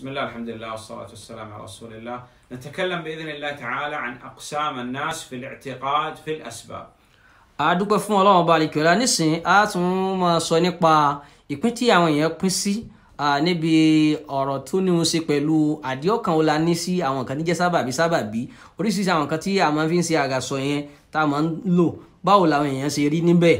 بسم الله الحمد لله والصلاة والسلام على رسول الله نتكلم بإذن الله تعالى عن أقسام الناس في الاعتقاد في الأسباب a dúpẹ́ fún ọlọ́run ọba àlekèọ́lá nísìnyí a tún máa sọ nípa ìpín tí àwọn èèyàn pín sí níbi ọ̀rọ̀ tó ní í ṣe pẹ̀lú àdéhùnkàn wo la ní sí àwọn nǹkan níjẹ́ sábàbí sábàbí oríṣiríṣi àwọn nǹkan tí a máa fi ń ṣe àgàsọ yẹn tá a máa ń lò báwo làwọn èèyàn ṣe rí níbẹ̀.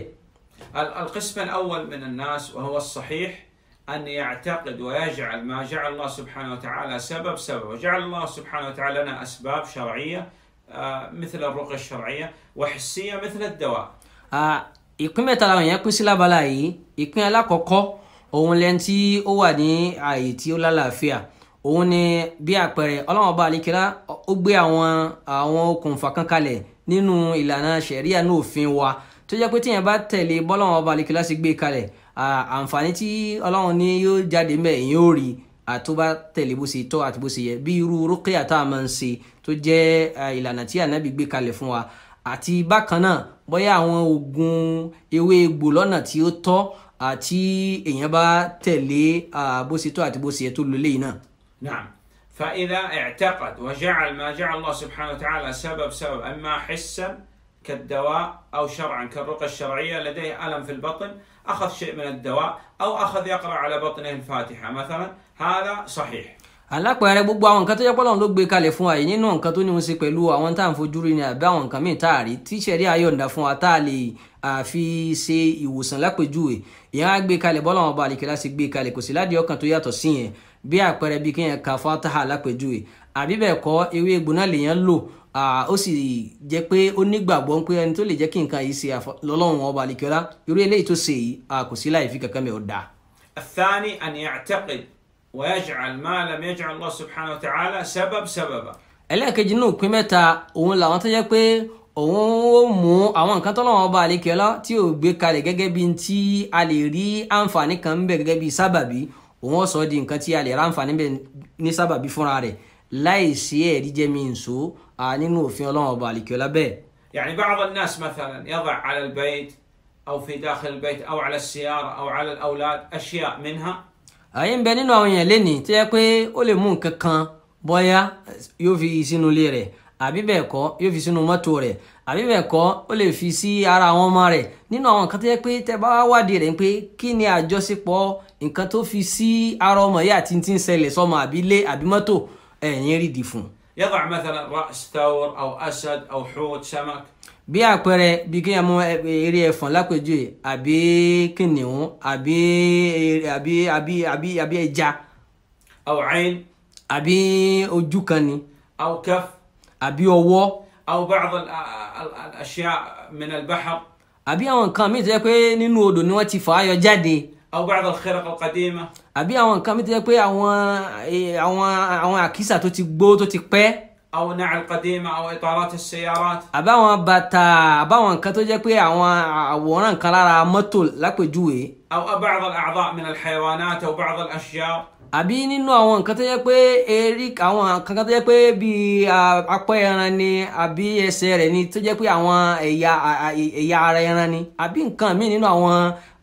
القسم الأول من الناس وهو الصحيح أن يعتقد ويجعل ما جعل الله سبحانه وتعالى سبب سبب وجعل الله سبحانه وتعالى لنا أسباب شرعية مثل الرقى الشرعية وحسية مثل الدواء ìpín mẹ́ta làwọn èèyàn pín sí lábala yìí ìpín alákọ̀ọ́kọ́ òun lẹ́ni tí ó wà ní ààyè tí ó lálàáfíà òun ni bí àpẹẹrẹ ọlọ́wọ́n bá àlekèrà ó gbé àwọn àwọn okùnfà kan kalẹ̀ nínú ìlànà ṣẹ̀ríà ní òfin wa tó jẹ́ pé tíyẹn bá tẹ̀lé bọ́lọ́run ọba àlekèlá ṣe gbé kalẹ̀ àǹfààní tí ọlọ́run ní yóò jáde mẹ́ ìyẹn ò rí àtó bá tẹ̀lé bó ṣe tọ́ àti bó ṣe yẹ bí irú rúkìá tá máa ń ṣe tó jẹ́ ìlànà tí ànábì gbé kalẹ̀ fún wa àti bákan náà bóyá àwọn oògùn ewé egbò lọ́nà tí ó tọ́ àti èèyàn bá tẹ̀lé bó ṣe tọ́ àti bó ṣe yẹ tó lólè yìí náà. Naam. فإذا اعتقد وجعل ما جعل الله سبحانه وتعالى سبب سبب أما حسا كالدواء أو شرعا كالرقى الشرعية لديه ألم في البطن أخذ شيء من الدواء أو أخذ يقرأ على بطنه الفاتحة مثلا هذا صحيح alápẹẹrẹ gbogbo àwọn nǹkan tó jẹ́ pọ́lọ́n ló gbé kalẹ̀ fún wa yìí nínú nǹkan tó ní wọn ṣe pẹ̀lú àwọn tá à ń fojú rí ni àbí àwọn nǹkan míì tá a rí tíṣẹ̀rí ayọ̀ǹda fún wa tá a lè àfi ṣe ìwòsàn lápèjúwe ìyẹn á gbé kalẹ̀ bọ́lọ́wọ́n ba àlèkè láti gbé kalẹ̀ kò sí ládìí ọkàn tó yàtọ̀ sí yẹn bí àpẹẹrẹ bí kéèyàn ka fataha lápèjúwe àbí bẹ́ẹ̀ kọ́ ewé egbò náà lèèyàn lò ó sì jẹ́ pé ó nígbàgbọ́ pé ẹni tó lè jẹ́ kí nǹkan yìí ṣe lọ́lọ́run ọba àlekíọ́lá irú eléyìí tó ṣe yìí kò sí láì fi kankan mẹ́ ọ dáa. الثاني أن يعتقد ويجعل ما لم يجعل الله سبحانه وتعالى سبب سببا ẹlẹ́ẹ̀kejì nínú ìpín mẹ́ta òun làwọn tó jẹ́ pé òun ó mú àwọn nǹkan tọ́lọ́run ọba àlekíọ́lá tí ò gbé kalẹ̀ gẹ́gẹ́ bí tí a lè rí àǹfààní kan ń bẹ gẹ́gẹ́ bí sábàbí òun ó láìsí ẹ̀rí jẹ́ mi nso nínú òfin ọlọ́run ọba àlìkíọ́lá bẹ́ẹ̀. يعني بعض الناس مثلا يضع على البيت أو في داخل البيت أو على السيارة أو على الأولاد أشياء منها àyè ń bẹ nínú àwọn èèyàn lẹ́nìí tó yẹ pé ó lè mú nǹkan kan bọ́yá yóò fi sínú ilé rẹ̀ àbí bẹ́ẹ̀ kọ́ yóò fi sínú mọ́tò rẹ̀ àbí bẹ́ẹ̀ kọ́ ó lè fi sí ara àwọn ọmọ rẹ̀ nínú àwọn nǹkan tó yẹ pé tẹ́ bá wádìí rẹ̀ pé kí ni àjọṣepọ̀ nǹkan tó fi sí ara ọmọ yìí àti ti ń ṣẹlẹ̀ sọmọ àbí ilé àbí mọ́tò ẹ̀yìn eh, rídìí fún. yadع مثلا رأس ثور أو أسد أو حوت سمك. bí àpẹẹrẹ bí kéèyàn mú eh, eré ẹfọ̀n lápèjúwe àbí kìnìún àbí eh, àbí àbí àbí àbí ẹja. aw ayn. àbí ojú kan ni. aw kaf. àbí ọwọ́. aw ba'd al-ashya' min al-bahr. àbí àwọn nǹkan míì tó yẹ pé nínú odò ni wọ́n ti fà á yọ jáde. او بعض الخرق القديمه ابي اوان كامي دي بي اوان اوان اكيسا تو تي بو تو تي او نعل قديمه او اطارات السيارات ابا اوان باتا ابا اوان كاتو جي بي اوان وونان كلارا متول لاكو جوي او بعض الاعضاء من الحيوانات او بعض الاشجار àbí nínú àwọn nǹkan tó yẹ pé erí àwọn kankan tó yẹ pé bíi apá ẹran ni àbí ẹsẹ̀ rẹ̀ ni tó yẹ pé àwọn ẹ̀yà ẹ̀yà ara ẹran ni àbí nǹkan míì nínú àwọn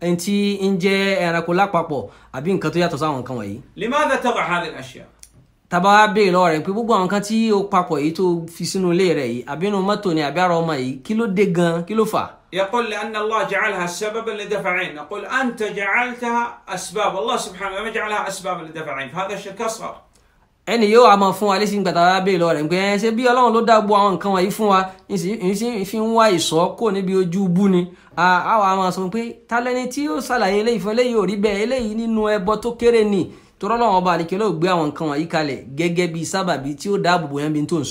ẹni tí ń jẹ́ ẹranko lápapọ̀ àbí nǹkan tó yàtọ̀ sáwọn nǹkan wọ̀nyí. limadha tad'u hadhihi al-ashya' tàbá béèrè lọ́wọ́ rẹ̀ pé gbogbo àwọn kan tí ó papọ̀ yìí tó fi sínú ilé rẹ̀ yìí àbínú mọ́tò ni àbí ara ọmọ yìí kí ló dé gan kí ló fà يقول لأن الله جعلها سببا لدفعين نقول أنت جعلتها أسباب الله سبحانه وتعالى جعلها أسباب لدفعين فهذا الشرك أصغر ẹni yóò wá máa fún wa lẹ́sìn gbàtà wa béèrè lọ́rẹ̀ ń pẹ́ ẹ ṣe bí ọlọ́run ló dáàbò àwọn nǹkan wọ̀nyí fún wa ń fi ń wá ìsọ́ kó níbi ojú bú ni àwa máa sọ pé talẹ́ni tí yóò ṣàlàyé eléyìí fún eléyìí ò rí bẹ́ẹ̀ eléyìí nínú ẹbọ tó kéré ni tọrọ lọ́wọ́ ọba àdìkẹ́ ló gbé àwọn nǹkan wọ̀nyí kalẹ̀ gẹ́gẹ́ bí sábàbí tí ó dáàbò bò bí n tó ń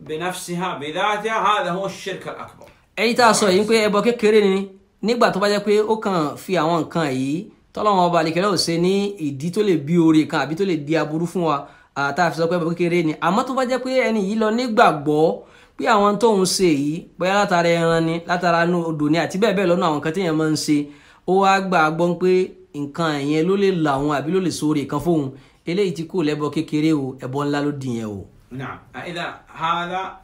بنفسها بذاتها هذا هو الشرك الأكبر أي tá a sọ كريني، pé ẹbọ kékeré ni nígbà tó bá jẹ́ pé ó kàn fi àwọn nǹkan yìí tọ́lọ́wọ́n ọba àlekẹ́lẹ́ ò ṣe ní ìdí tó lè bí oore kan àbí tó lè di aburú fún wa tá a fi sọ pé ẹbọ kékeré ni àmọ́ tó bá jẹ́ pé ẹni yìí lọ nígbàgbọ́ pé àwọn tóun ṣe yìí bóyá látara ẹran ni látara inú odò ni àti bẹ́ẹ̀ bẹ́ẹ̀ lọ́nà àwọn nǹkan téèyàn máa ń ṣe ó wá gbàgbọ́ pé nǹkan yẹn ló lè làwọn àbí ló kan fóun eléyìí ti kú lẹ́bọ kékeré o ẹbọ ńlá ló dìyẹn o. نعم إذا هذا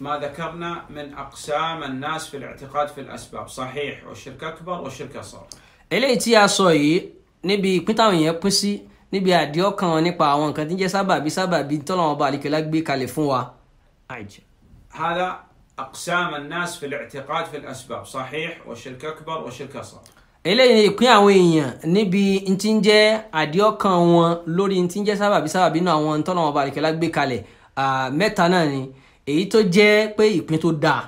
ما ذكرنا من أقسام الناس في الاعتقاد في الأسباب صحيح والشرك أكبر والشرك أصغر إلي tí a نبي yìí يبسي نبي أديو كان pín وان níbi àdí ọkàn wọn nípa àwọn nǹkan tí ń jẹ́ sábàbí sábàbí tọ́lọ́wọ́n bá هذا أقسام الناس في الاعتقاد في الأسباب صحيح والشرك أكبر والشرك أصغر. eléyìí ni ìpín àwọn èèyàn níbi ntí ń jẹ́ àdíọ́kàn wọn lórí ntí ń jẹ́ sábàbí sábàbí náà àwọn tọ́nà ọba gbé kalẹ̀ mẹ́ta náà ni èyí tó jẹ́ pé ìpín tó dáa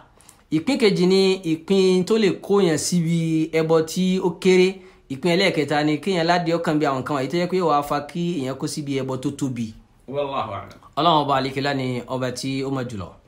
ìpín kejì ni ìpín tó lè kó yẹn síbi ẹbọ tí ó kéré ìpín ẹlẹ́ẹ̀kẹta ni kéèyàn ládìọ́kàn bí àwọn kan wáyé tó jẹ́ pé wàá fa kí èèyàn kó síbi ẹbọ tó tóbi. Wallahu a'lam. ọlọ́run ọba àdìkẹ́lá ni ọba tí ó mọ̀ jùlọ.